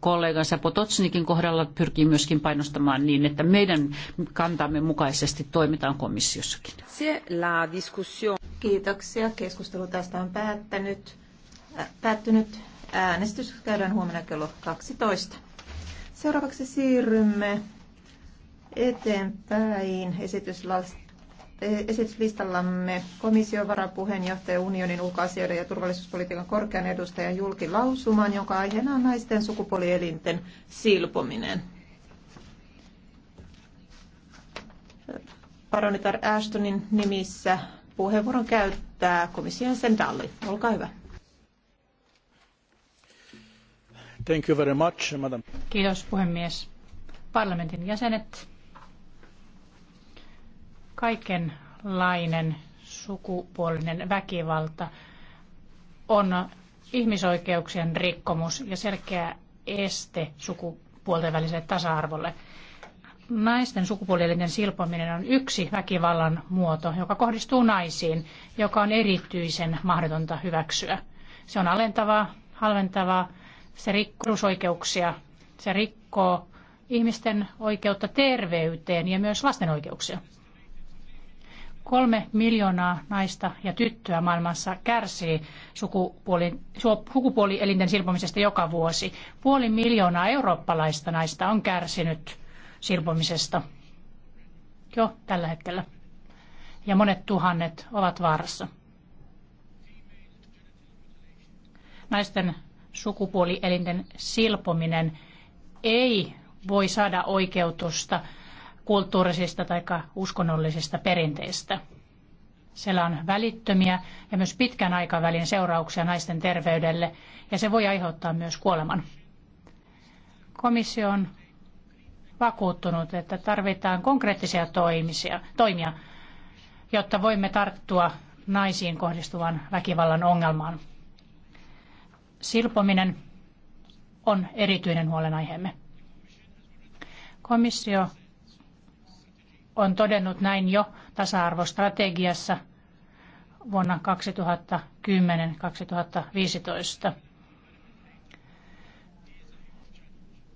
kollegansa Potocnikin kohdalla pyrkii myöskin painostamaan niin, että meidän kantamme mukaisesti toimitaan komissiossakin. Kiitoksia. Keskustelu tästä on päättänyt. Äh, päättynyt. Äänestys käydään huomenna kello 12. Seuraavaksi siirrymme eteenpäin esityslaista esityslistallamme komission varapuheenjohtaja unionin ulkoasioiden ja turvallisuuspolitiikan korkean edustajan julkilausuman, jonka aiheena on naisten sukupuolielinten silpominen. Paronitar Ashtonin nimissä puheenvuoron käyttää komission sen Dalli. Olkaa hyvä. Thank you very much, madam. Kiitos puhemies. Parlamentin jäsenet, kaiken Kaikenlainen sukupuolinen väkivalta on ihmisoikeuksien rikkomus ja selkeä este sukupuolten väliselle tasa-arvolle. Naisten sukupuolielinen silpominen on yksi väkivallan muoto, joka kohdistuu naisiin, joka on erityisen mahdotonta hyväksyä. Se on alentavaa, halventavaa, se rikkoo perusoikeuksia, se rikkoo ihmisten oikeutta terveyteen ja myös lasten oikeuksia. Kolme miljoonaa naista ja tyttöä maailmassa kärsii sukupuoli, sukupuolielinten silpomisesta joka vuosi. Puoli miljoonaa eurooppalaista naista on kärsinyt silpomisesta jo tällä hetkellä. Ja monet tuhannet ovat vaarassa. Naisten sukupuolielinten silpominen ei voi saada oikeutusta kulttuurisista tai uskonnollisista perinteistä. Siellä on välittömiä ja myös pitkän aikavälin seurauksia naisten terveydelle ja se voi aiheuttaa myös kuoleman. Komissio on vakuuttunut, että tarvitaan konkreettisia toimisia, toimia, jotta voimme tarttua naisiin kohdistuvan väkivallan ongelmaan. Silpominen on erityinen huolenaiheemme. Komissio on todennut näin jo tasa-arvostrategiassa vuonna 2010-2015.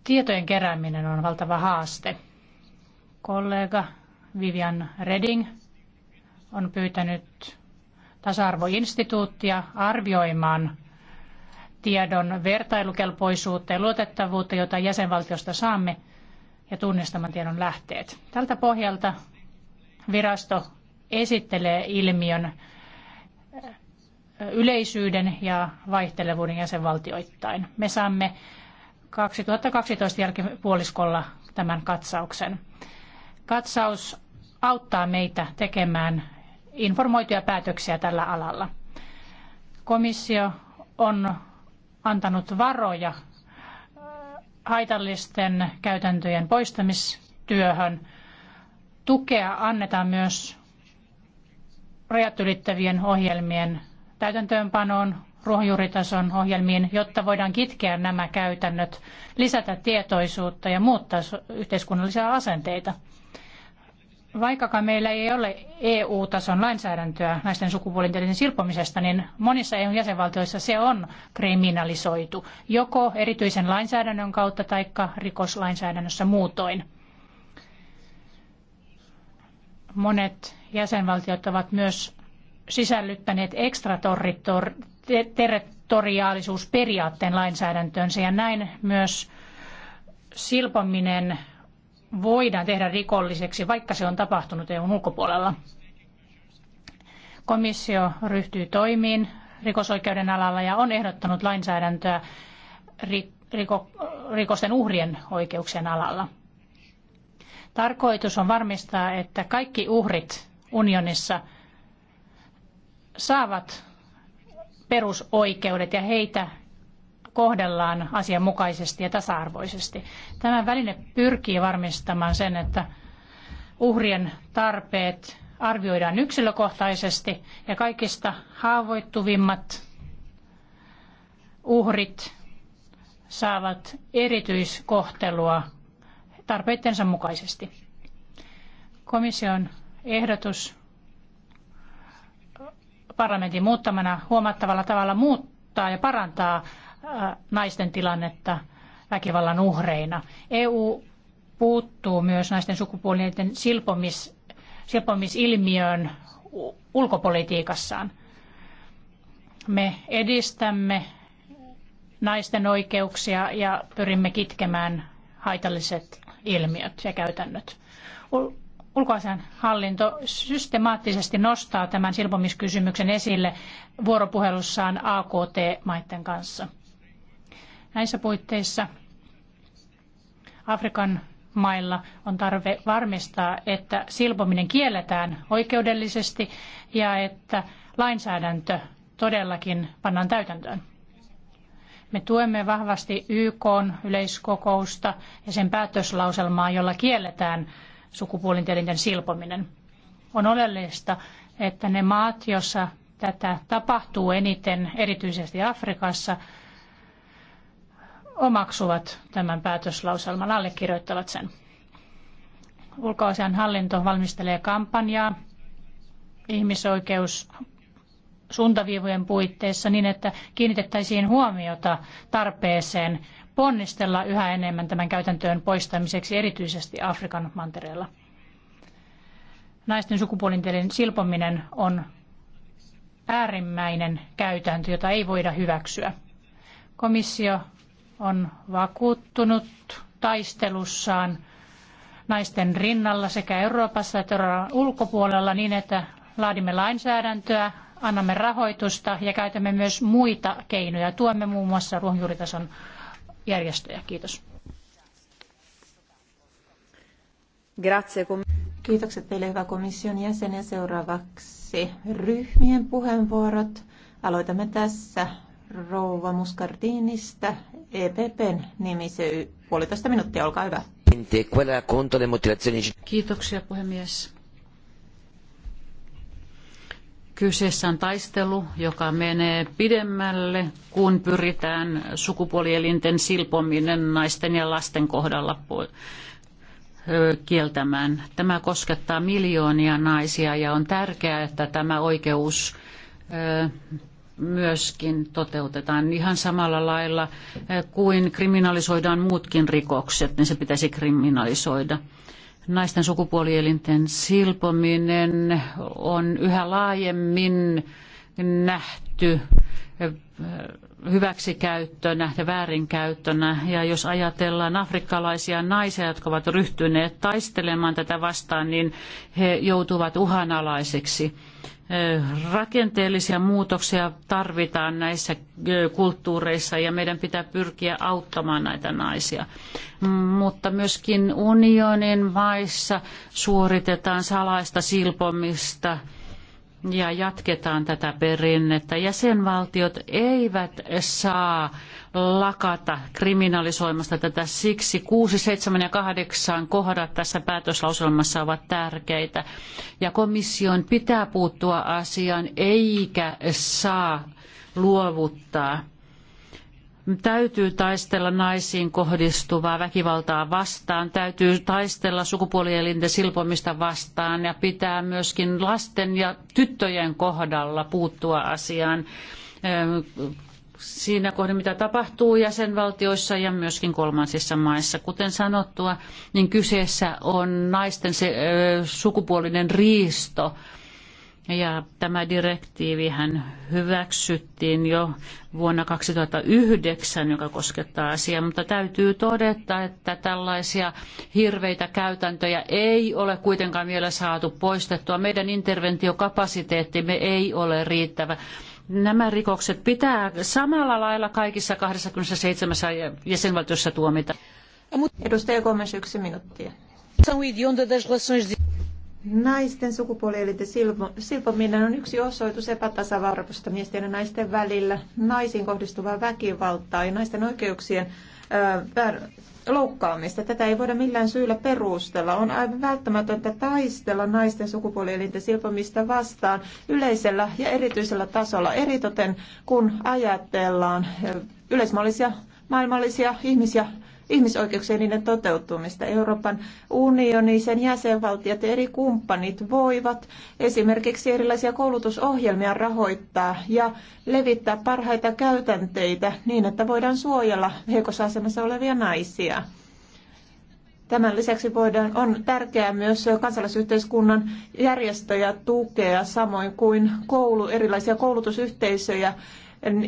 Tietojen kerääminen on valtava haaste. Kollega Vivian Reding on pyytänyt tasa-arvoinstituuttia arvioimaan tiedon vertailukelpoisuutta ja luotettavuutta, jota jäsenvaltiosta saamme – ja tunnistaman tiedon lähteet. Tältä pohjalta virasto esittelee ilmiön yleisyyden ja vaihtelevuuden jäsenvaltioittain. Me saamme 2012 jälkipuoliskolla tämän katsauksen. Katsaus auttaa meitä tekemään informoituja päätöksiä tällä alalla. Komissio on antanut varoja haitallisten käytäntöjen poistamistyöhön. Tukea annetaan myös rajat ylittävien ohjelmien täytäntöönpanoon, ruohonjuuritason ohjelmiin, jotta voidaan kitkeä nämä käytännöt, lisätä tietoisuutta ja muuttaa yhteiskunnallisia asenteita. Vaikkakaan meillä ei ole EU-tason lainsäädäntöä naisten sukupuolintelisen silpomisesta, niin monissa EUn jäsenvaltioissa se on kriminalisoitu, joko erityisen lainsäädännön kautta tai rikoslainsäädännössä muutoin. Monet jäsenvaltiot ovat myös sisällyttäneet ekstraterritoriaalisuusperiaatteen lainsäädäntöönsä ja näin myös silpominen voidaan tehdä rikolliseksi, vaikka se on tapahtunut EUn ulkopuolella. Komissio ryhtyy toimiin rikosoikeuden alalla ja on ehdottanut lainsäädäntöä riko, rikosten uhrien oikeuksien alalla. Tarkoitus on varmistaa, että kaikki uhrit unionissa saavat perusoikeudet ja heitä kohdellaan asianmukaisesti ja tasa-arvoisesti. Tämä väline pyrkii varmistamaan sen, että uhrien tarpeet arvioidaan yksilökohtaisesti ja kaikista haavoittuvimmat uhrit saavat erityiskohtelua tarpeittensa mukaisesti. Komission ehdotus parlamentin muuttamana huomattavalla tavalla muuttaa ja parantaa naisten tilannetta väkivallan uhreina. EU puuttuu myös naisten sukupuolinen silpomis, silpomisilmiöön ulkopolitiikassaan. Me edistämme naisten oikeuksia ja pyrimme kitkemään haitalliset ilmiöt ja käytännöt. Ulkoasian hallinto systemaattisesti nostaa tämän silpomiskysymyksen esille vuoropuhelussaan AKT-maiden kanssa. Näissä puitteissa Afrikan mailla on tarve varmistaa, että silpominen kielletään oikeudellisesti ja että lainsäädäntö todellakin pannaan täytäntöön. Me tuemme vahvasti YK yleiskokousta ja sen päätöslauselmaa, jolla kielletään sukupuolintelinten silpominen. On oleellista, että ne maat, joissa tätä tapahtuu eniten, erityisesti Afrikassa, omaksuvat tämän päätöslauselman, allekirjoittavat sen. Ulkoasian hallinto valmistelee kampanjaa ihmisoikeus suuntaviivojen puitteissa niin, että kiinnitettäisiin huomiota tarpeeseen ponnistella yhä enemmän tämän käytäntöön poistamiseksi erityisesti Afrikan mantereella. Naisten sukupuolintelin silpominen on äärimmäinen käytäntö, jota ei voida hyväksyä. Komissio on vakuuttunut taistelussaan naisten rinnalla sekä Euroopassa että Euroopan ulkopuolella niin, että laadimme lainsäädäntöä, annamme rahoitusta ja käytämme myös muita keinoja. Tuemme muun muassa ruohonjuuritason järjestöjä. Kiitos. Kiitokset teille, hyvä komission jäsen. Ja seuraavaksi ryhmien puheenvuorot. Aloitamme tässä rouva Muscardinista EPPn nimissä puolitoista minuuttia, olkaa hyvä. Kiitoksia puhemies. Kyseessä on taistelu, joka menee pidemmälle, kun pyritään sukupuolielinten silpominen naisten ja lasten kohdalla kieltämään. Tämä koskettaa miljoonia naisia ja on tärkeää, että tämä oikeus myöskin toteutetaan ihan samalla lailla eh, kuin kriminalisoidaan muutkin rikokset, niin se pitäisi kriminalisoida. Naisten sukupuolielinten silpominen on yhä laajemmin nähty eh, hyväksikäyttönä ja väärinkäyttönä. Ja jos ajatellaan afrikkalaisia naisia, jotka ovat ryhtyneet taistelemaan tätä vastaan, niin he joutuvat uhanalaisiksi rakenteellisia muutoksia tarvitaan näissä kulttuureissa ja meidän pitää pyrkiä auttamaan näitä naisia. Mutta myöskin unionin maissa suoritetaan salaista silpomista ja jatketaan tätä perinnettä. Jäsenvaltiot eivät saa lakata kriminalisoimasta tätä siksi. 6, 7 ja 8 kohdat tässä päätöslauselmassa ovat tärkeitä. Ja komission pitää puuttua asiaan eikä saa luovuttaa Täytyy taistella naisiin kohdistuvaa väkivaltaa vastaan, täytyy taistella sukupuolielinten silpomista vastaan ja pitää myöskin lasten ja tyttöjen kohdalla puuttua asiaan ähm, siinä kohdin, mitä tapahtuu jäsenvaltioissa ja myöskin kolmansissa maissa. Kuten sanottua, niin kyseessä on naisten se, äh, sukupuolinen riisto ja tämä direktiivi hän hyväksyttiin jo vuonna 2009, joka koskettaa asiaa, mutta täytyy todeta, että tällaisia hirveitä käytäntöjä ei ole kuitenkaan vielä saatu poistettua. Meidän interventiokapasiteettimme ei ole riittävä. Nämä rikokset pitää samalla lailla kaikissa 27 jäsenvaltiossa tuomita. Edustaja Gomes, yksi minuuttia. Naisten sukupuolielinten silpominen on yksi osoitus epätasavarvosta miesten ja naisten välillä, naisiin kohdistuvaa väkivaltaa ja naisten oikeuksien loukkaamista. Tätä ei voida millään syyllä perustella. On aivan välttämätöntä taistella naisten sukupuolielinten silpomista vastaan yleisellä ja erityisellä tasolla, eritoten kun ajatellaan yleismallisia maailmallisia ihmisiä ihmisoikeuksien niiden toteutumista. Euroopan unioni, sen jäsenvaltiot ja eri kumppanit voivat esimerkiksi erilaisia koulutusohjelmia rahoittaa ja levittää parhaita käytänteitä niin, että voidaan suojella heikossa asemassa olevia naisia. Tämän lisäksi voidaan, on tärkeää myös kansalaisyhteiskunnan järjestöjä tukea, samoin kuin koulu, erilaisia koulutusyhteisöjä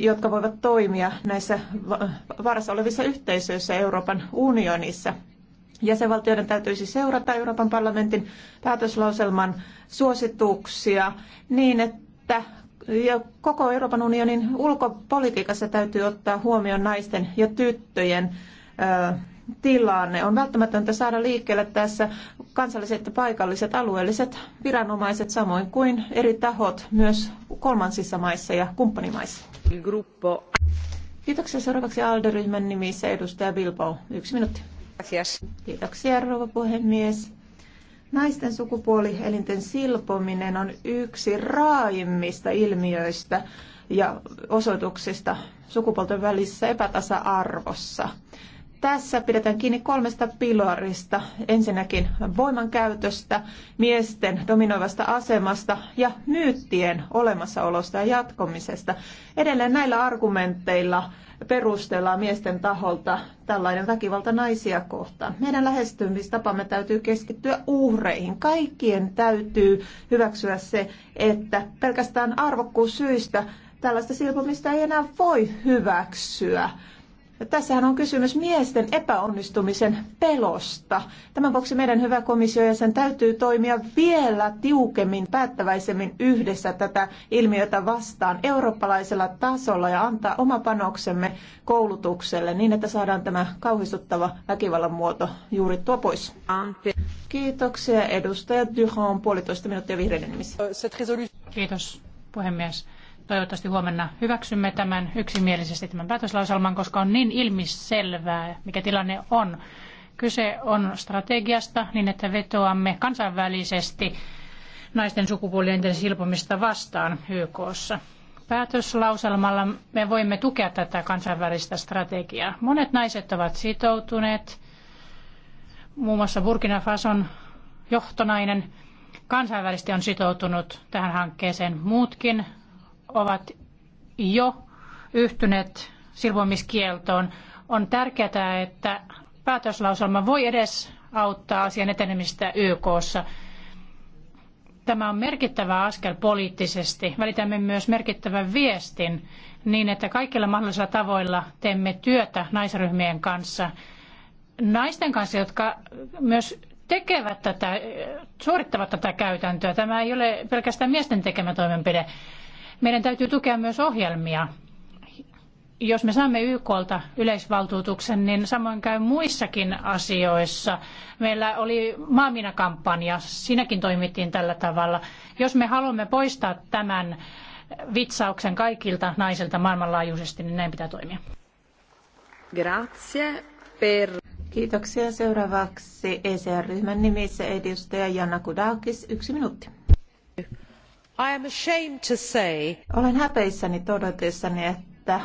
jotka voivat toimia näissä vaarassa olevissa yhteisöissä Euroopan unionissa. Jäsenvaltioiden täytyisi seurata Euroopan parlamentin päätöslauselman suosituksia niin, että ja koko Euroopan unionin ulkopolitiikassa täytyy ottaa huomioon naisten ja tyttöjen tilanne. On välttämätöntä saada liikkeelle tässä kansalliset ja paikalliset alueelliset viranomaiset samoin kuin eri tahot myös kolmansissa maissa ja kumppanimaissa. Gruppo. Kiitoksia. Seuraavaksi alde nimissä edustaja Bilbao. Yksi minuutti. Kiitoksia, rouva puhemies. Naisten sukupuolielinten silpominen on yksi raaimmista ilmiöistä ja osoituksista sukupuolten välisessä epätasa-arvossa. Tässä pidetään kiinni kolmesta pilarista. Ensinnäkin voimankäytöstä, miesten dominoivasta asemasta ja myyttien olemassaolosta ja jatkomisesta. Edelleen näillä argumenteilla perustellaan miesten taholta tällainen väkivalta naisia kohtaan. Meidän lähestymistapamme täytyy keskittyä uhreihin. Kaikkien täytyy hyväksyä se, että pelkästään arvokkuussyistä tällaista silpomista ei enää voi hyväksyä. Tässähän on kysymys miesten epäonnistumisen pelosta. Tämän vuoksi meidän hyvä komissio ja sen täytyy toimia vielä tiukemmin, päättäväisemmin yhdessä tätä ilmiötä vastaan eurooppalaisella tasolla ja antaa oma panoksemme koulutukselle niin, että saadaan tämä kauhistuttava väkivallan muoto juurittua pois. Kiitoksia edustaja Duhon puolitoista minuuttia vihreiden nimissä. Kiitos puhemies Toivottavasti huomenna hyväksymme tämän yksimielisesti tämän päätöslauselman, koska on niin ilmiselvää, mikä tilanne on. Kyse on strategiasta niin, että vetoamme kansainvälisesti naisten sukupuolielinten silpomista vastaan YKssa. Päätöslauselmalla me voimme tukea tätä kansainvälistä strategiaa. Monet naiset ovat sitoutuneet, muun muassa Burkina Fason johtonainen kansainvälisesti on sitoutunut tähän hankkeeseen. Muutkin ovat jo yhtyneet silpomiskieltoon. On tärkeää, että päätöslauselma voi edes auttaa asian etenemistä YKssa. Tämä on merkittävä askel poliittisesti. Välitämme myös merkittävän viestin niin, että kaikilla mahdollisilla tavoilla teemme työtä naisryhmien kanssa. Naisten kanssa, jotka myös tekevät tätä, suorittavat tätä käytäntöä. Tämä ei ole pelkästään miesten tekemä toimenpide. Meidän täytyy tukea myös ohjelmia. Jos me saamme YKlta yleisvaltuutuksen, niin samoin käy muissakin asioissa. Meillä oli maaminakampanja, siinäkin toimittiin tällä tavalla. Jos me haluamme poistaa tämän vitsauksen kaikilta naisilta maailmanlaajuisesti, niin näin pitää toimia. Grazie per... Kiitoksia. Seuraavaksi ECR-ryhmän nimissä edustaja Janna Kudakis. Yksi minuutti. I am ashamed to say. Olen häpeissäni todetessani, että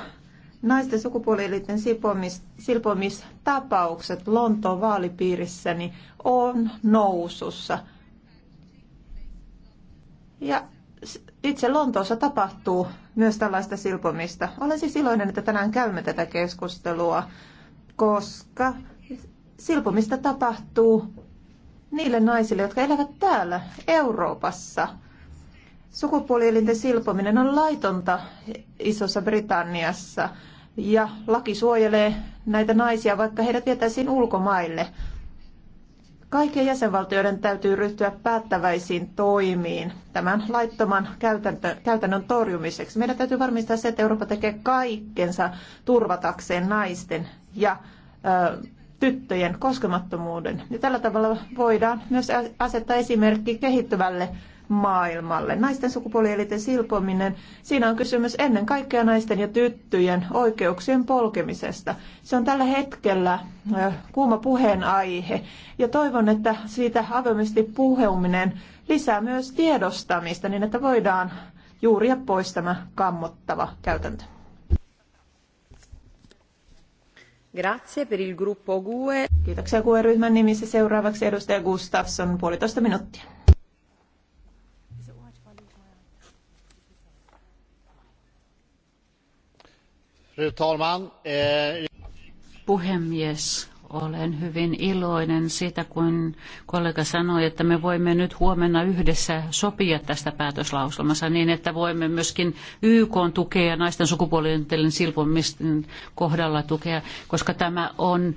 naisten sukupuolielinten silpomis, silpomistapaukset Lontoon vaalipiirissäni on nousussa. Ja itse Lontoossa tapahtuu myös tällaista silpomista. Olen siis iloinen, että tänään käymme tätä keskustelua, koska silpomista tapahtuu niille naisille, jotka elävät täällä Euroopassa – Sukupuolielinten silpominen on laitonta Isossa Britanniassa ja laki suojelee näitä naisia, vaikka heidät vietäisiin ulkomaille. Kaikkien jäsenvaltioiden täytyy ryhtyä päättäväisiin toimiin tämän laittoman käytäntö, käytännön torjumiseksi. Meidän täytyy varmistaa se, että Eurooppa tekee kaikkensa turvatakseen naisten ja ö, tyttöjen koskemattomuuden. Ja tällä tavalla voidaan myös asettaa esimerkki kehittyvälle maailmalle. Naisten sukupuolielinten silpominen, siinä on kysymys ennen kaikkea naisten ja tyttöjen oikeuksien polkemisesta. Se on tällä hetkellä kuuma puheenaihe ja toivon, että siitä avoimesti puheuminen lisää myös tiedostamista niin, että voidaan juuria pois tämä kammottava käytäntö. Grazie per il gruppo GUE. Kiitoksia GUE-ryhmän nimissä. Seuraavaksi edustaja Gustafsson, puolitoista minuuttia. Eh, Puhemies, olen hyvin iloinen siitä, kun kollega sanoi, että me voimme nyt huomenna yhdessä sopia tästä päätöslauselmassa niin, että voimme myöskin YK tukea naisten sukupuolien silpomisten kohdalla tukea, koska tämä on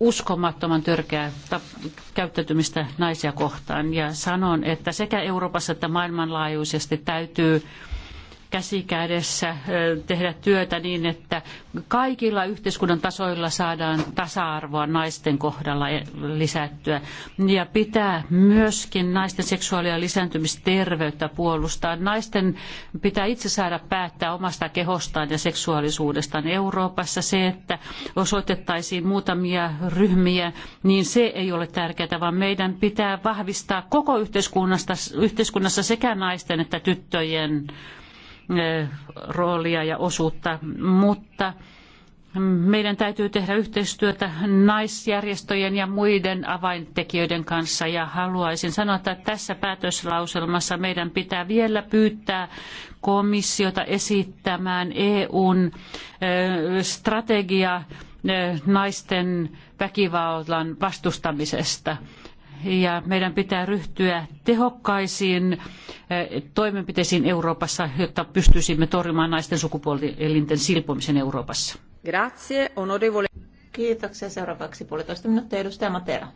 uskomattoman törkeää käyttäytymistä naisia kohtaan. Ja sanon, että sekä Euroopassa että maailmanlaajuisesti täytyy käsi kädessä tehdä työtä niin, että kaikilla yhteiskunnan tasoilla saadaan tasa-arvoa naisten kohdalla e, lisättyä. Ja pitää myöskin naisten seksuaali- ja lisääntymisterveyttä puolustaa. Naisten pitää itse saada päättää omasta kehostaan ja seksuaalisuudestaan Euroopassa. Se, että osoitettaisiin muutamia ryhmiä, niin se ei ole tärkeää, vaan meidän pitää vahvistaa koko yhteiskunnassa sekä naisten että tyttöjen roolia ja osuutta, mutta meidän täytyy tehdä yhteistyötä naisjärjestöjen ja muiden avaintekijöiden kanssa ja haluaisin sanoa, että tässä päätöslauselmassa meidän pitää vielä pyytää komissiota esittämään EUn strategia naisten väkivallan vastustamisesta – ja meidän pitää ryhtyä tehokkaisiin eh, toimenpiteisiin Euroopassa, jotta pystyisimme torjumaan naisten sukupuolielinten silpomisen Euroopassa. Grazie, onorevole. Kiitoksia. Seuraavaksi puolitoista minuuttia edustaja Matera.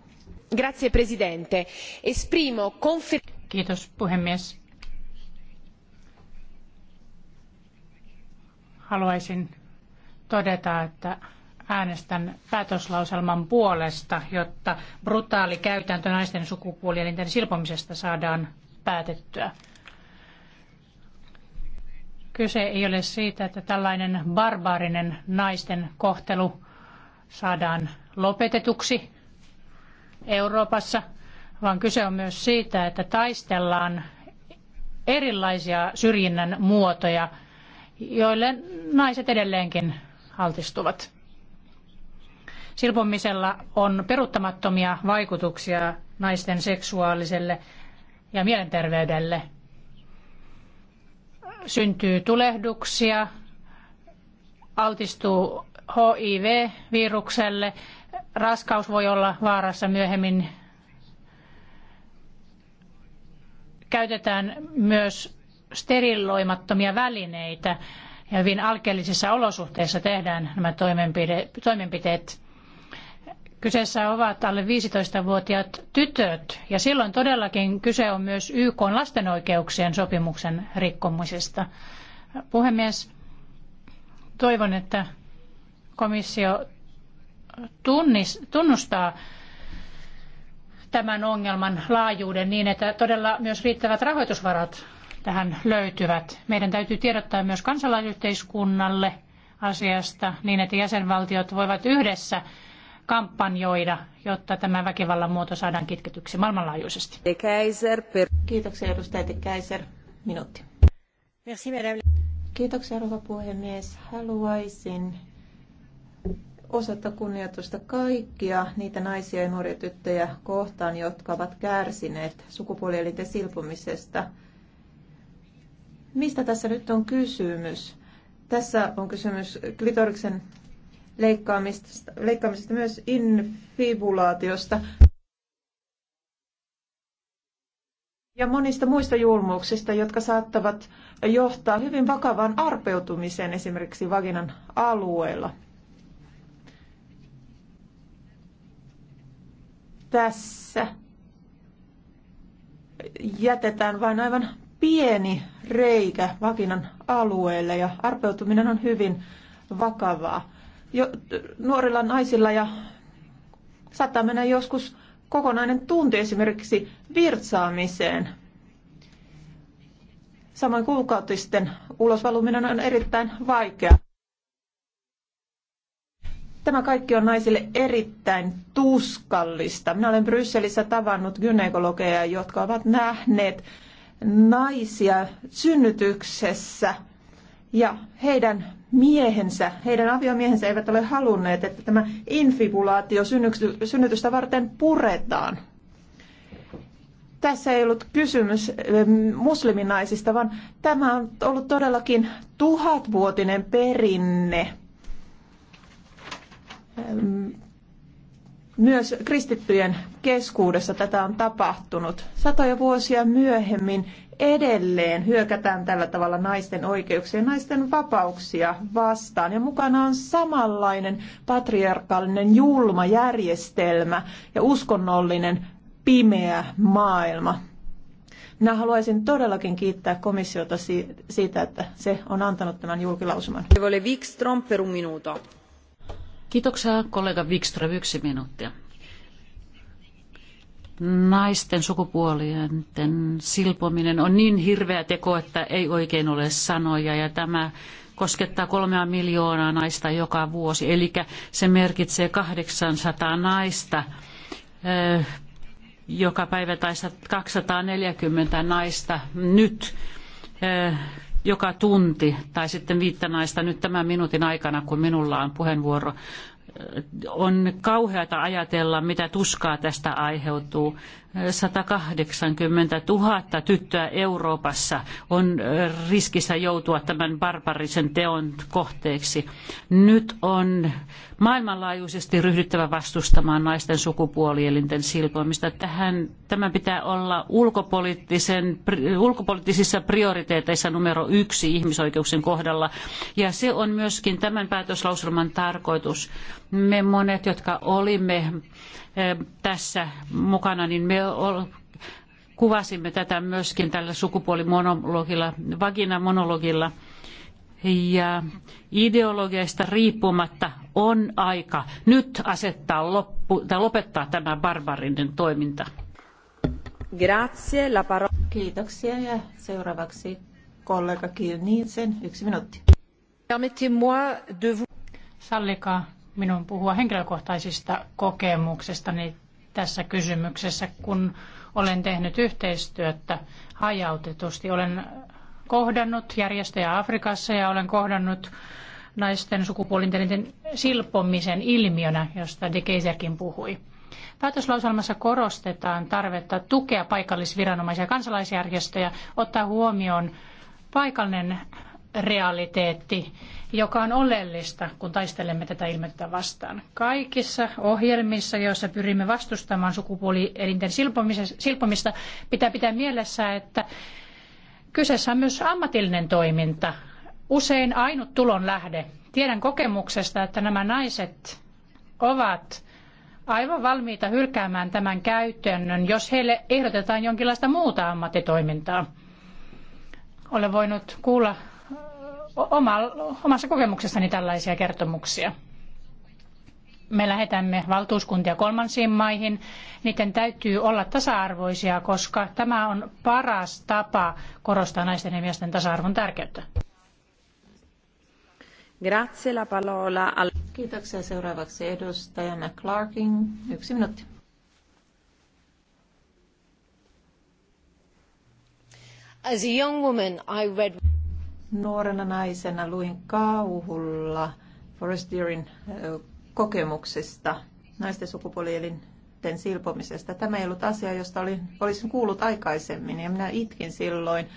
Grazie, presidente. Esprimo confi- Kiitos, puhemies. Haluaisin todeta, että äänestän päätöslauselman puolesta, jotta brutaali käytäntö naisten sukupuolielinten silpomisesta saadaan päätettyä. Kyse ei ole siitä, että tällainen barbaarinen naisten kohtelu saadaan lopetetuksi Euroopassa, vaan kyse on myös siitä, että taistellaan erilaisia syrjinnän muotoja, joille naiset edelleenkin altistuvat silpomisella on peruuttamattomia vaikutuksia naisten seksuaaliselle ja mielenterveydelle. Syntyy tulehduksia, altistuu HIV-virukselle, raskaus voi olla vaarassa myöhemmin. Käytetään myös steriloimattomia välineitä ja hyvin alkeellisissa olosuhteissa tehdään nämä toimenpiteet. Kyseessä ovat alle 15-vuotiaat tytöt ja silloin todellakin kyse on myös YK lasten oikeuksien sopimuksen rikkomisesta. Puhemies, toivon, että komissio tunnis, tunnustaa tämän ongelman laajuuden niin, että todella myös riittävät rahoitusvarat tähän löytyvät. Meidän täytyy tiedottaa myös kansalaisyhteiskunnalle asiasta niin, että jäsenvaltiot voivat yhdessä kampanjoida, jotta tämä väkivallan muoto saadaan kitketyksi maailmanlaajuisesti. Kiitoksia edustaja Kaiser. Minuutti. Kiitoksia rouva puhemies. Haluaisin osata kunnioitusta kaikkia niitä naisia ja nuoria tyttöjä kohtaan, jotka ovat kärsineet sukupuolielinten silpomisesta. Mistä tässä nyt on kysymys? Tässä on kysymys klitoriksen leikkaamisesta, leikkaamisesta myös infibulaatiosta ja monista muista julmuuksista, jotka saattavat johtaa hyvin vakavaan arpeutumiseen esimerkiksi vaginan alueella. Tässä jätetään vain aivan pieni reikä vakinan alueelle ja arpeutuminen on hyvin vakavaa jo, nuorilla naisilla ja saattaa mennä joskus kokonainen tunti esimerkiksi virtsaamiseen. Samoin kuukautisten ulosvaluminen on erittäin vaikea. Tämä kaikki on naisille erittäin tuskallista. Minä olen Brysselissä tavannut gynekologeja, jotka ovat nähneet naisia synnytyksessä ja heidän miehensä, heidän aviomiehensä eivät ole halunneet, että tämä infibulaatio synnytystä varten puretaan. Tässä ei ollut kysymys ähm, musliminaisista, vaan tämä on ollut todellakin tuhatvuotinen perinne myös kristittyjen keskuudessa tätä on tapahtunut. Satoja vuosia myöhemmin edelleen hyökätään tällä tavalla naisten oikeuksia ja naisten vapauksia vastaan. Ja mukana on samanlainen patriarkaalinen julma järjestelmä ja uskonnollinen pimeä maailma. Minä haluaisin todellakin kiittää komissiota siitä, että se on antanut tämän julkilausuman. Wikström per un minuto. Kiitoksia kollega Wikström, yksi minuuttia. Naisten sukupuolien silpominen on niin hirveä teko, että ei oikein ole sanoja ja tämä koskettaa kolmea miljoonaa naista joka vuosi. Eli se merkitsee 800 naista joka päivä tai 240 naista nyt joka tunti tai sitten viittä naista nyt tämän minuutin aikana, kun minulla on puheenvuoro. On kauheata ajatella, mitä tuskaa tästä aiheutuu. 180 000 tyttöä Euroopassa on riskissä joutua tämän barbarisen teon kohteeksi. Nyt on maailmanlaajuisesti ryhdyttävä vastustamaan naisten sukupuolielinten silpomista. Tähän, tämän pitää olla ulkopoliittisen, ulkopoliittisissa prioriteeteissa numero yksi ihmisoikeuksien kohdalla. Ja se on myöskin tämän päätöslauselman tarkoitus. Me monet, jotka olimme tässä mukana, niin me kuvasimme tätä myöskin tällä sukupuolimonologilla, vaginamonologilla. Ja ideologiasta riippumatta on aika nyt asettaa loppu, tai lopettaa tämä barbarinen toiminta. Grazie, la paro- Kiitoksia ja seuraavaksi kollega Kirniinsen, yksi minuutti. Sallikaa minun puhua henkilökohtaisista kokemuksistani tässä kysymyksessä, kun olen tehnyt yhteistyötä hajautetusti. Olen kohdannut järjestöjä Afrikassa ja olen kohdannut naisten sukupuolintelinten silpomisen ilmiönä, josta De Keiserkin puhui. Päätöslauselmassa korostetaan tarvetta tukea paikallisviranomaisia ja kansalaisjärjestöjä, ottaa huomioon paikallinen realiteetti joka on oleellista, kun taistelemme tätä ilmettä vastaan. Kaikissa ohjelmissa, joissa pyrimme vastustamaan sukupuolielinten silpomista, pitää pitää mielessä, että kyseessä on myös ammatillinen toiminta, usein ainut tulon lähde. Tiedän kokemuksesta, että nämä naiset ovat aivan valmiita hylkäämään tämän käytännön, jos heille ehdotetaan jonkinlaista muuta ammattitoimintaa. Olen voinut kuulla oma, omassa kokemuksessani tällaisia kertomuksia. Me lähetämme valtuuskuntia kolmansiin maihin. Niiden täytyy olla tasa-arvoisia, koska tämä on paras tapa korostaa naisten ja miesten tasa-arvon tärkeyttä. Grazie la parola al... Kiitoksia seuraavaksi edustaja McClarkin. Yksi minuutti. As a young woman, I read... Nuorena naisena luin kauhulla Forest Deerin kokemuksista naisten sukupuolielinten silpomisesta. Tämä ei ollut asia, josta olin, olisin kuullut aikaisemmin ja minä itkin silloin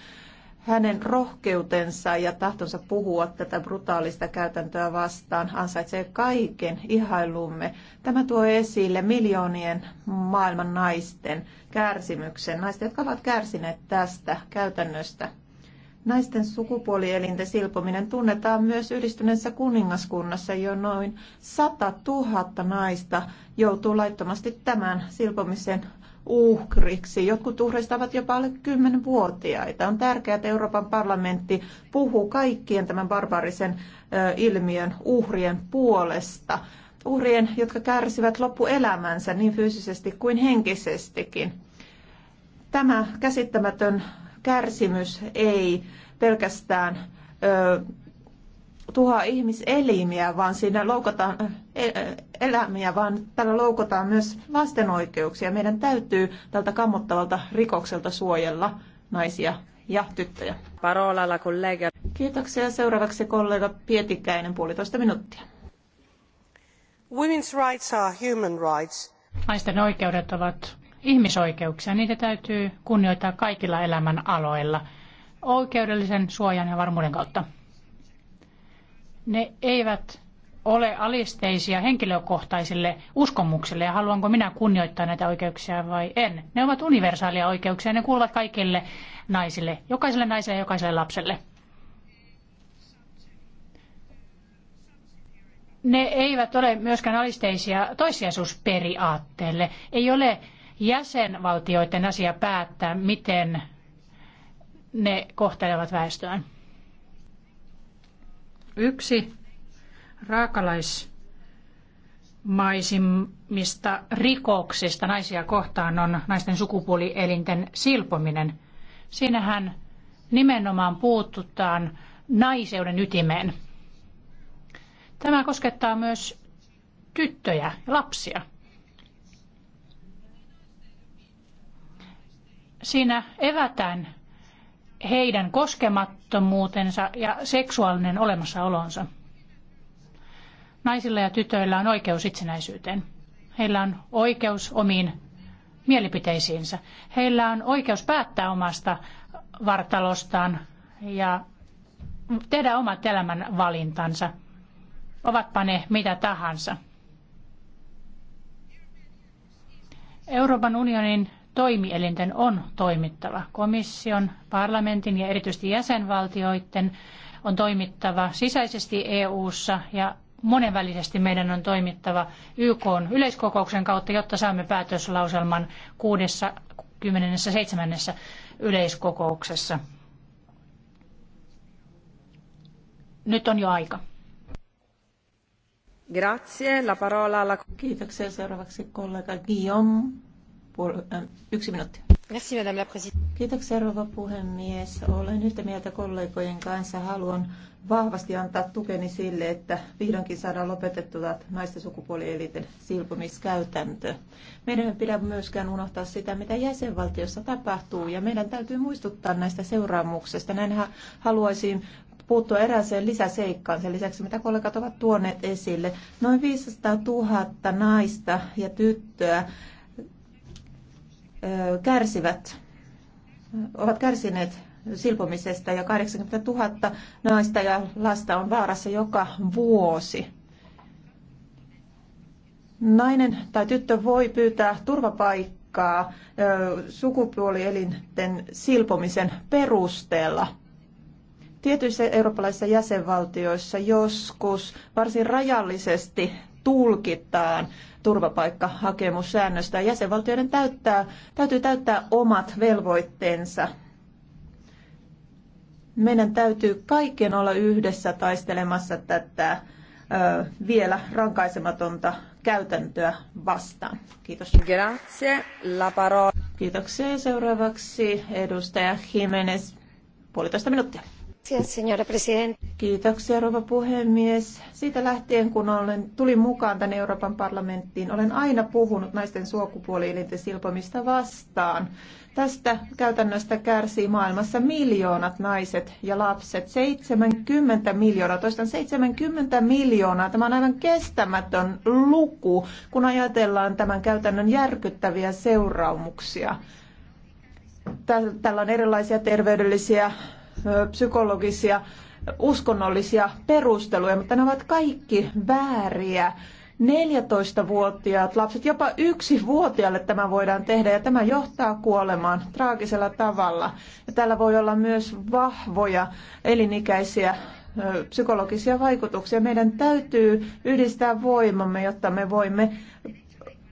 hänen rohkeutensa ja tahtonsa puhua tätä brutaalista käytäntöä vastaan ansaitsee kaiken ihailumme. Tämä tuo esille miljoonien maailman naisten kärsimyksen, naisten, jotka ovat kärsineet tästä käytännöstä. Naisten sukupuolielinten silpominen tunnetaan myös yhdistyneessä kuningaskunnassa, jo noin 100 000 naista joutuu laittomasti tämän silpomisen uhriksi. Jotkut uhreista ovat jopa alle 10-vuotiaita. On tärkeää, että Euroopan parlamentti puhuu kaikkien tämän barbarisen ilmiön uhrien puolesta. Uhrien, jotka kärsivät loppuelämänsä niin fyysisesti kuin henkisestikin. Tämä käsittämätön kärsimys ei pelkästään ö, tuhoa ihmiselimiä, vaan siinä loukataan e, elämiä, vaan tällä loukataan myös lasten oikeuksia. Meidän täytyy tältä kammottavalta rikokselta suojella naisia ja tyttöjä. Parolalla kollega. Kiitoksia. Seuraavaksi kollega Pietikäinen puolitoista minuuttia. Women's rights are human rights. Naisten oikeudet ovat ihmisoikeuksia. Niitä täytyy kunnioittaa kaikilla elämän aloilla oikeudellisen suojan ja varmuuden kautta. Ne eivät ole alisteisia henkilökohtaisille uskomuksille ja haluanko minä kunnioittaa näitä oikeuksia vai en. Ne ovat universaalia oikeuksia, ne kuuluvat kaikille naisille, jokaiselle naiselle ja jokaiselle lapselle. Ne eivät ole myöskään alisteisia toissijaisuusperiaatteelle. Ei ole jäsenvaltioiden asia päättää, miten ne kohtelevat väestöään. Yksi raakalaismaisimmista rikoksista naisia kohtaan on naisten sukupuolielinten silpominen. Siinähän nimenomaan puututaan naiseuden ytimeen. Tämä koskettaa myös tyttöjä ja lapsia. Siinä evätään heidän koskemattomuutensa ja seksuaalinen olemassaolonsa. Naisilla ja tytöillä on oikeus itsenäisyyteen. Heillä on oikeus omiin mielipiteisiinsä. Heillä on oikeus päättää omasta vartalostaan ja tehdä omat elämän valintansa, ovatpa ne mitä tahansa. Euroopan unionin toimielinten on toimittava. Komission, parlamentin ja erityisesti jäsenvaltioiden on toimittava sisäisesti EU:ssa ja monenvälisesti meidän on toimittava YK yleiskokouksen kautta, jotta saamme päätöslauselman 67. yleiskokouksessa. Nyt on jo aika. Grazie, la parola alla... Kiitoksia. Seuraavaksi kollega Guillaume. Äh, yksi minuutti. Merci, madame la Kiitoksia, rouva puhemies. Olen yhtä mieltä kollegojen kanssa. Haluan vahvasti antaa tukeni sille, että vihdoinkin saadaan lopetettua naisten sukupuolielinten silpomiskäytäntö. Meidän ei pidä myöskään unohtaa sitä, mitä jäsenvaltiossa tapahtuu, ja meidän täytyy muistuttaa näistä seuraamuksista. Näinhän haluaisin puuttua erääseen lisäseikkaan sen lisäksi, mitä kollegat ovat tuoneet esille. Noin 500 000 naista ja tyttöä kärsivät, ovat kärsineet silpomisesta ja 80 000 naista ja lasta on vaarassa joka vuosi. Nainen tai tyttö voi pyytää turvapaikkaa sukupuolielinten silpomisen perusteella. Tietyissä eurooppalaisissa jäsenvaltioissa joskus varsin rajallisesti tulkitaan turvapaikkahakemussäännöstä. Jäsenvaltioiden täyttää, täytyy täyttää omat velvoitteensa. Meidän täytyy kaikkien olla yhdessä taistelemassa tätä ö, vielä rankaisematonta käytäntöä vastaan. Kiitos. Grazie. La parola. Kiitoksia. Seuraavaksi edustaja Jimenez. Puolitoista minuuttia. Kiitoksia, rouva puhemies. Siitä lähtien, kun olen, tulin mukaan tänne Euroopan parlamenttiin, olen aina puhunut naisten suokupuolielinten silpomista vastaan. Tästä käytännöstä kärsii maailmassa miljoonat naiset ja lapset, 70 miljoonaa, toistan 70 miljoonaa. Tämä on aivan kestämätön luku, kun ajatellaan tämän käytännön järkyttäviä seuraamuksia. Tällä on erilaisia terveydellisiä psykologisia, uskonnollisia perusteluja, mutta ne ovat kaikki vääriä. 14-vuotiaat lapset, jopa yksi vuotiaalle tämä voidaan tehdä ja tämä johtaa kuolemaan traagisella tavalla. Ja tällä voi olla myös vahvoja elinikäisiä psykologisia vaikutuksia. Meidän täytyy yhdistää voimamme, jotta me voimme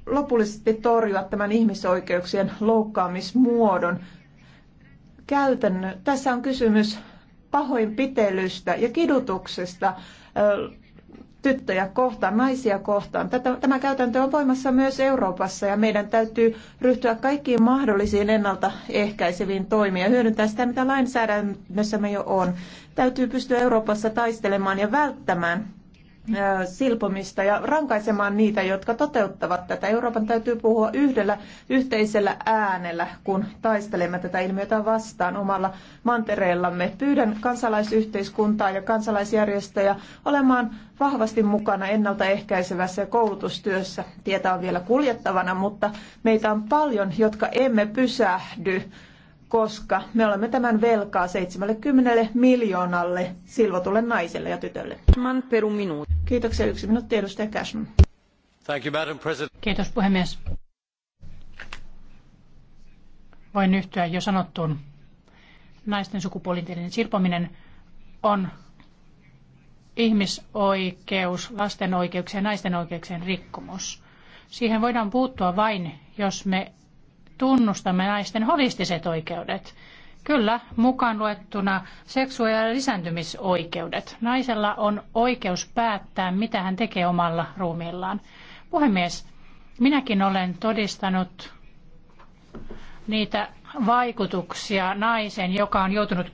lopullisesti torjua tämän ihmisoikeuksien loukkaamismuodon käytännön, tässä on kysymys pahoinpitelystä ja kidutuksesta tyttöjä kohtaan, naisia kohtaan. Tätä, tämä käytäntö on voimassa myös Euroopassa ja meidän täytyy ryhtyä kaikkiin mahdollisiin ennaltaehkäiseviin toimiin ja hyödyntää sitä, mitä me jo on. Täytyy pystyä Euroopassa taistelemaan ja välttämään silpomista ja rankaisemaan niitä, jotka toteuttavat tätä. Euroopan täytyy puhua yhdellä yhteisellä äänellä, kun taistelemme tätä ilmiötä vastaan omalla mantereellamme. Pyydän kansalaisyhteiskuntaa ja kansalaisjärjestöjä olemaan vahvasti mukana ennaltaehkäisevässä koulutustyössä. Tietä on vielä kuljettavana, mutta meitä on paljon, jotka emme pysähdy koska me olemme tämän velkaa 70 miljoonalle silvotulle naiselle ja tytölle. Man peru minuut. Kiitoksia. Yksi minuutti edustaja Cashman. Thank you, Madam President. Kiitos puhemies. Voin yhtyä jo sanottuun. Naisten sukupuolinteiden silpominen on ihmisoikeus, lasten oikeuksien ja naisten oikeuksien rikkomus. Siihen voidaan puuttua vain, jos me tunnustamme naisten holistiset oikeudet. Kyllä, mukaan luettuna seksuaali- ja lisääntymisoikeudet. Naisella on oikeus päättää, mitä hän tekee omalla ruumiillaan. Puhemies, minäkin olen todistanut niitä vaikutuksia naisen, joka on joutunut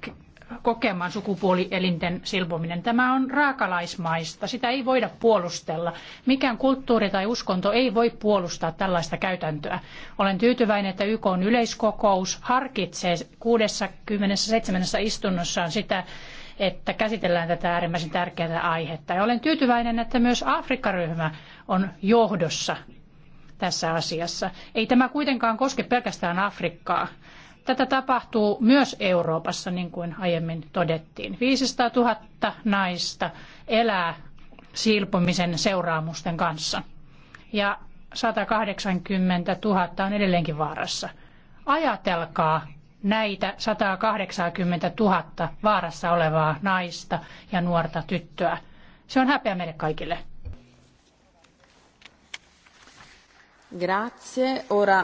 kokemaan sukupuolielinten silpominen. Tämä on raakalaismaista, sitä ei voida puolustella. Mikään kulttuuri tai uskonto ei voi puolustaa tällaista käytäntöä. Olen tyytyväinen, että YK on yleiskokous harkitsee 67. istunnossaan sitä, että käsitellään tätä äärimmäisen tärkeää aihetta. Ja olen tyytyväinen, että myös Afrikkaryhmä on johdossa tässä asiassa. Ei tämä kuitenkaan koske pelkästään Afrikkaa. Tätä tapahtuu myös Euroopassa, niin kuin aiemmin todettiin. 500 000 naista elää silpomisen seuraamusten kanssa. Ja 180 000 on edelleenkin vaarassa. Ajatelkaa näitä 180 000 vaarassa olevaa naista ja nuorta tyttöä. Se on häpeä meille kaikille. Grazie. Ora...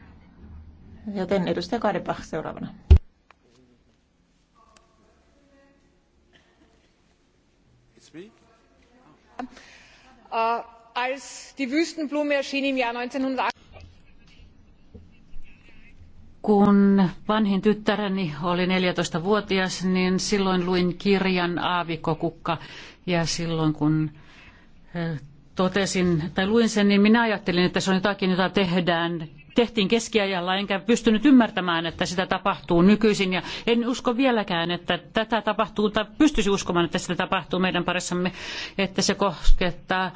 Joten edustaja Kadebach seuraavana. Uh, als die Wüstenblume erschien im Jahr 1980, kun vanhin tyttäreni oli 14-vuotias, niin silloin luin kirjan Aavikokukka. Ja silloin kun eh, totesin, tai luin sen, niin minä ajattelin, että se on jotakin, jota tehdään tehtiin keskiajalla, enkä pystynyt ymmärtämään, että sitä tapahtuu nykyisin. Ja en usko vieläkään, että tätä tapahtuu, tai pystyisi uskomaan, että sitä tapahtuu meidän parissamme, että se koskettaa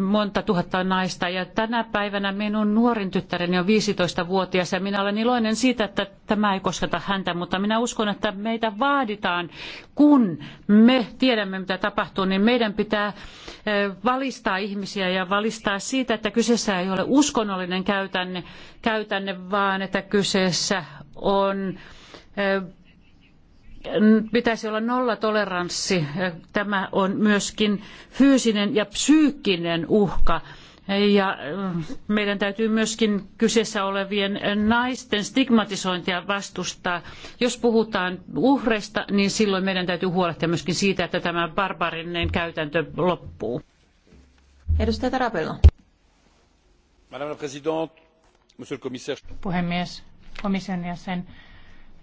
monta tuhatta naista. Ja tänä päivänä minun nuorin tyttäreni on 15-vuotias ja minä olen iloinen siitä, että tämä ei kosketa häntä, mutta minä uskon, että meitä vaaditaan, kun me tiedämme, mitä tapahtuu, niin meidän pitää eh, valistaa ihmisiä ja valistaa siitä, että kyseessä ei ole uskonnollinen käytänne, käytänne vaan että kyseessä on eh, pitäisi olla nollatoleranssi. Tämä on myöskin fyysinen ja psyykkinen uhka. Ja meidän täytyy myöskin kyseessä olevien naisten stigmatisointia vastustaa. Jos puhutaan uhreista, niin silloin meidän täytyy huolehtia myöskin siitä, että tämä barbarinen käytäntö loppuu. Edustaja Tarapello. Madame la Présidente, Monsieur le Commissaire. Puhemies, komission jäsen.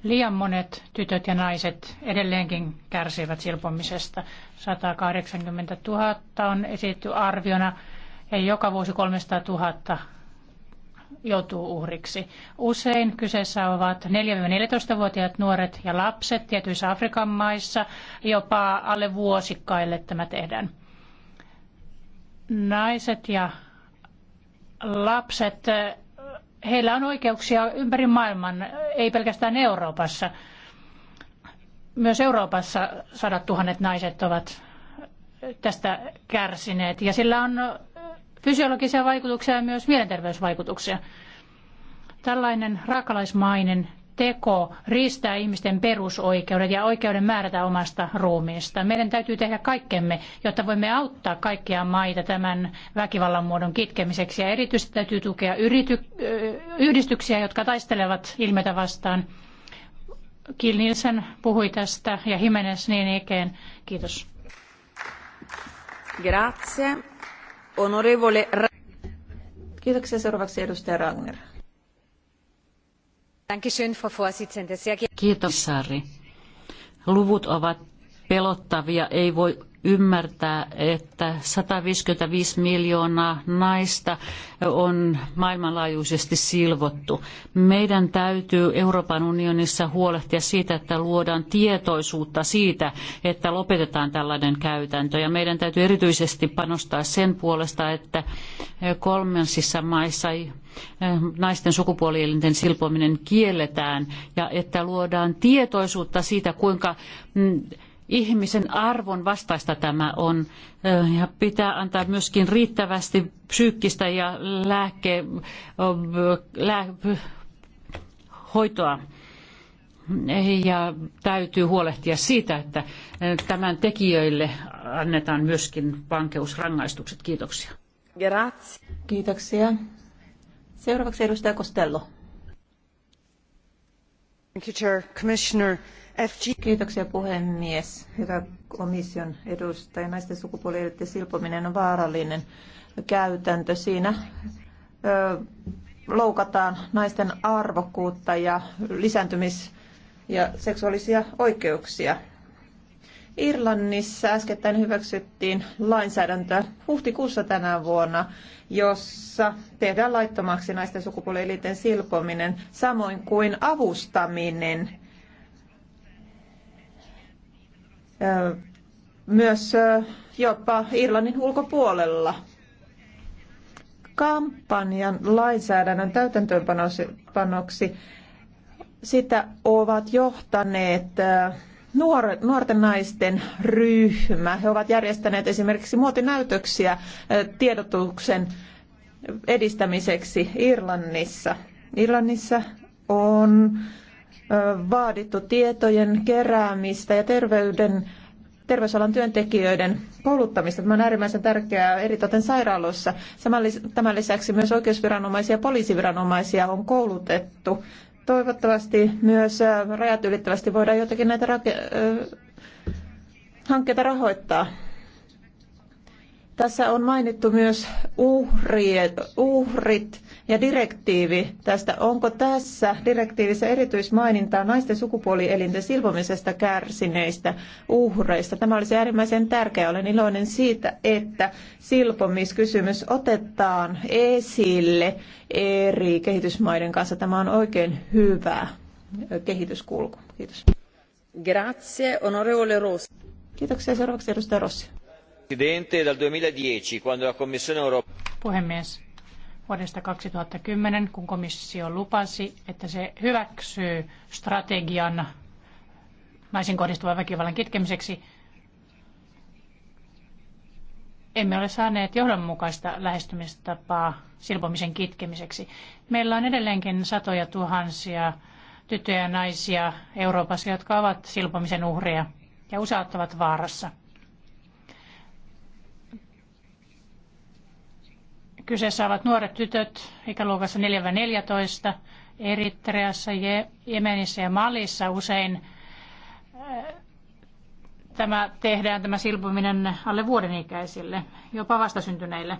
Liian monet tytöt ja naiset edelleenkin kärsivät silpomisesta. 180 000 on esitetty arviona ja joka vuosi 300 000 joutuu uhriksi. Usein kyseessä ovat 4-14-vuotiaat nuoret ja lapset tietyissä Afrikan maissa, jopa alle vuosikkaille tämä tehdään. Naiset ja lapset, heillä on oikeuksia ympäri maailman ei pelkästään Euroopassa. Myös Euroopassa sadat tuhannet naiset ovat tästä kärsineet ja sillä on fysiologisia vaikutuksia ja myös mielenterveysvaikutuksia. Tällainen raakalaismainen teko riistää ihmisten perusoikeudet ja oikeuden määrätä omasta ruumiista. Meidän täytyy tehdä kaikkemme, jotta voimme auttaa kaikkia maita tämän väkivallan muodon kitkemiseksi. Ja erityisesti täytyy tukea yrity- yhdistyksiä, jotka taistelevat ilmiötä vastaan. Kill Nielsen puhui tästä ja Jimenez niin ikään. Kiitos. Grazie. Onorevole... Kiitoksia seuraavaksi edustaja Ragnar. Kiitos, Sari. Luvut ovat pelottavia. Ei voi ymmärtää, että 155 miljoonaa naista on maailmanlaajuisesti silvottu. Meidän täytyy Euroopan unionissa huolehtia siitä, että luodaan tietoisuutta siitä, että lopetetaan tällainen käytäntö. Ja meidän täytyy erityisesti panostaa sen puolesta, että kolmansissa maissa eh, naisten sukupuolielinten silpominen kielletään ja että luodaan tietoisuutta siitä, kuinka mm, ihmisen arvon vastaista tämä on. Eh, ja pitää antaa myöskin riittävästi psyykkistä ja lääke, eh, lää, hoitoa. Ja täytyy huolehtia siitä, että eh, tämän tekijöille annetaan myöskin vankeusrangaistukset. Kiitoksia. Grazie. Kiitoksia. Seuraavaksi edustaja Costello. Thank you, Chair. Commissioner. FG. Kiitoksia puhemies. Hyvä komission edustaja. Naisten sukupuolielinten silpominen on vaarallinen käytäntö. Siinä ö, loukataan naisten arvokkuutta ja lisääntymis- ja seksuaalisia oikeuksia. Irlannissa äskettäin hyväksyttiin lainsäädäntö huhtikuussa tänä vuonna, jossa tehdään laittomaksi naisten sukupuolielinten silpominen, samoin kuin avustaminen myös jopa Irlannin ulkopuolella. Kampanjan lainsäädännön täytäntöönpanoksi sitä ovat johtaneet nuor, nuorten naisten ryhmä. He ovat järjestäneet esimerkiksi muotinäytöksiä tiedotuksen edistämiseksi Irlannissa. Irlannissa on vaadittu tietojen keräämistä ja terveyden terveysalan työntekijöiden kouluttamista. Tämä on äärimmäisen tärkeää eritoten sairaaloissa. Tämän lisäksi myös oikeusviranomaisia ja poliisiviranomaisia on koulutettu. Toivottavasti myös rajat ylittävästi voidaan jotakin näitä hankkeita rahoittaa. Tässä on mainittu myös uhriet, uhrit ja direktiivi tästä. Onko tässä direktiivissä erityismainintaa naisten sukupuolielinten silpomisesta kärsineistä uhreista? Tämä olisi äärimmäisen tärkeää. Olen iloinen siitä, että silpomiskysymys otetaan esille eri kehitysmaiden kanssa. Tämä on oikein hyvä kehityskulku. Kiitos. Grazie, onorevole Rossi. Kiitoksia. Seuraavaksi edustaja Rossi puhemies vuodesta kaksituhatta kymmenen kun komissio lupasi että se hyväksyy strategian naisiin kohdistuvan väkivallan kitkemiseksi emme ole saaneet johdonmukaista lähestymistapaa silpomisen kitkemiseksi. Meillä on edelleenkin satoja tuhansia tyttöjä ja naisia Euroopassa, jotka ovat silpomisen uhreja ja useat ovat vaarassa. Kyseessä ovat nuoret tytöt ikäluokassa 4-14 Eritreassa, Jemenissä ja Malissa usein äh, tämä tehdään tämä silpominen alle vuoden ikäisille, jopa vastasyntyneille.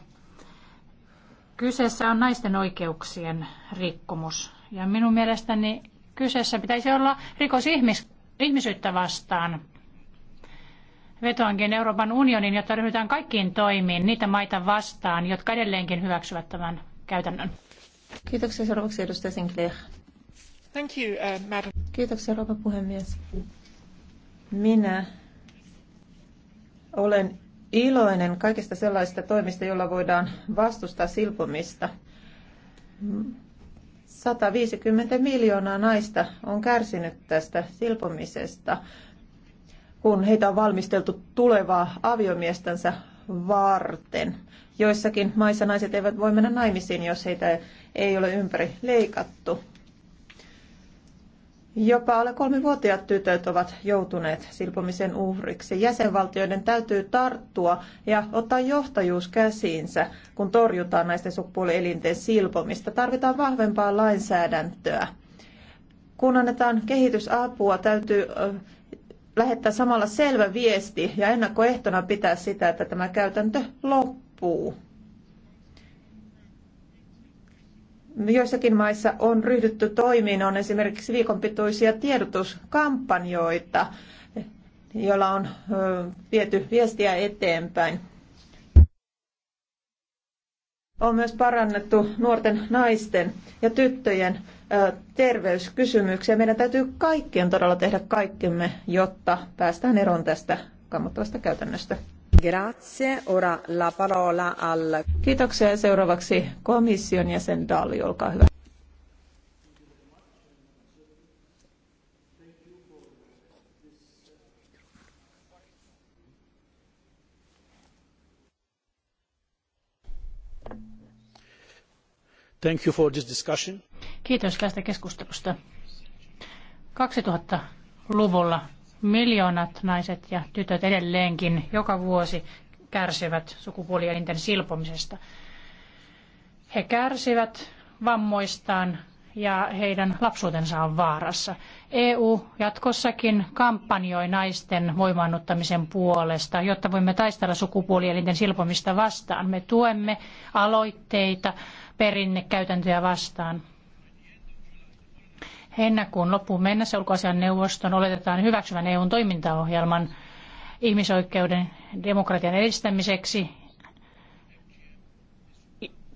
Kyseessä on naisten oikeuksien rikkomus ja minun mielestäni kyseessä pitäisi olla rikos ihmis- ihmisyyttä vastaan Vetoankin Euroopan unionin, jotta ryhdytään kaikkiin toimiin niitä maita vastaan, jotka edelleenkin hyväksyvät tämän käytännön. Kiitoksia seuraavaksi edustaja Sinclair. Thank you, uh, madam. Kiitoksia rouva puhemies. Minä olen iloinen kaikista sellaisista toimista, joilla voidaan vastustaa silpomista. 150 miljoonaa naista on kärsinyt tästä silpomisesta kun heitä on valmisteltu tulevaa aviomiestänsä varten. Joissakin maissa naiset eivät voi mennä naimisiin, jos heitä ei ole ympäri leikattu. Jopa alle kolmivuotiaat tytöt ovat joutuneet silpomisen uhriksi. Jäsenvaltioiden täytyy tarttua ja ottaa johtajuus käsiinsä, kun torjutaan naisten sukupuolielinten silpomista. Tarvitaan vahvempaa lainsäädäntöä. Kun annetaan kehitysapua, täytyy lähettää samalla selvä viesti ja ennakkoehtona pitää sitä, että tämä käytäntö loppuu. Joissakin maissa on ryhdytty toimiin, on esimerkiksi viikonpituisia tiedotuskampanjoita, joilla on viety viestiä eteenpäin on myös parannettu nuorten naisten ja tyttöjen terveyskysymyksiä. Meidän täytyy kaikkien todella tehdä kaikkemme, jotta päästään eroon tästä kammottavasta käytännöstä. Grazie. Ora la parola al... Kiitoksia. Seuraavaksi komission jäsen Dali, olkaa hyvä. Thank you for this discussion. Kiitos tästä keskustelusta. 2000-luvulla miljoonat naiset ja tytöt edelleenkin joka vuosi kärsivät sukupuolielinten silpomisesta. He kärsivät vammoistaan ja heidän lapsuutensa on vaarassa. EU jatkossakin kampanjoi naisten voimaannuttamisen puolesta, jotta voimme taistella sukupuolielinten silpomista vastaan. Me tuemme aloitteita perinnekäytäntöjä vastaan. Heinäkuun loppuun mennessä ulkoasian neuvoston oletetaan hyväksyvän EUn toimintaohjelman ihmisoikeuden demokratian edistämiseksi.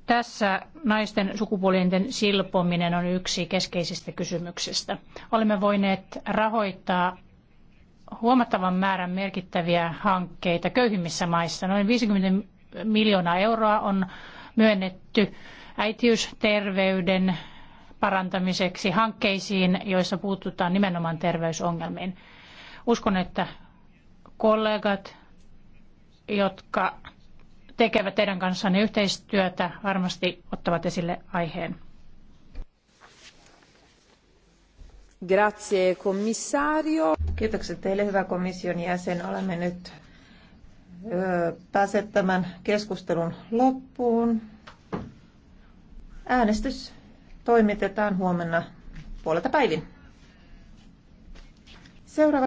Tässä naisten sukupuolinten silpominen on yksi keskeisistä kysymyksistä. Olemme voineet rahoittaa huomattavan määrän merkittäviä hankkeita köyhimmissä maissa. Noin 50 miljoonaa euroa on myönnetty äitiysterveyden parantamiseksi hankkeisiin, joissa puututaan nimenomaan terveysongelmiin. Uskon, että kollegat, jotka tekevät teidän kanssanne yhteistyötä, varmasti ottavat esille aiheen. Grazie, komissario. Kiitokset teille, hyvä komission jäsen. Olemme nyt päässeet tämän keskustelun loppuun. Äänestys toimitetaan huomenna puolelta päivin. Seuraava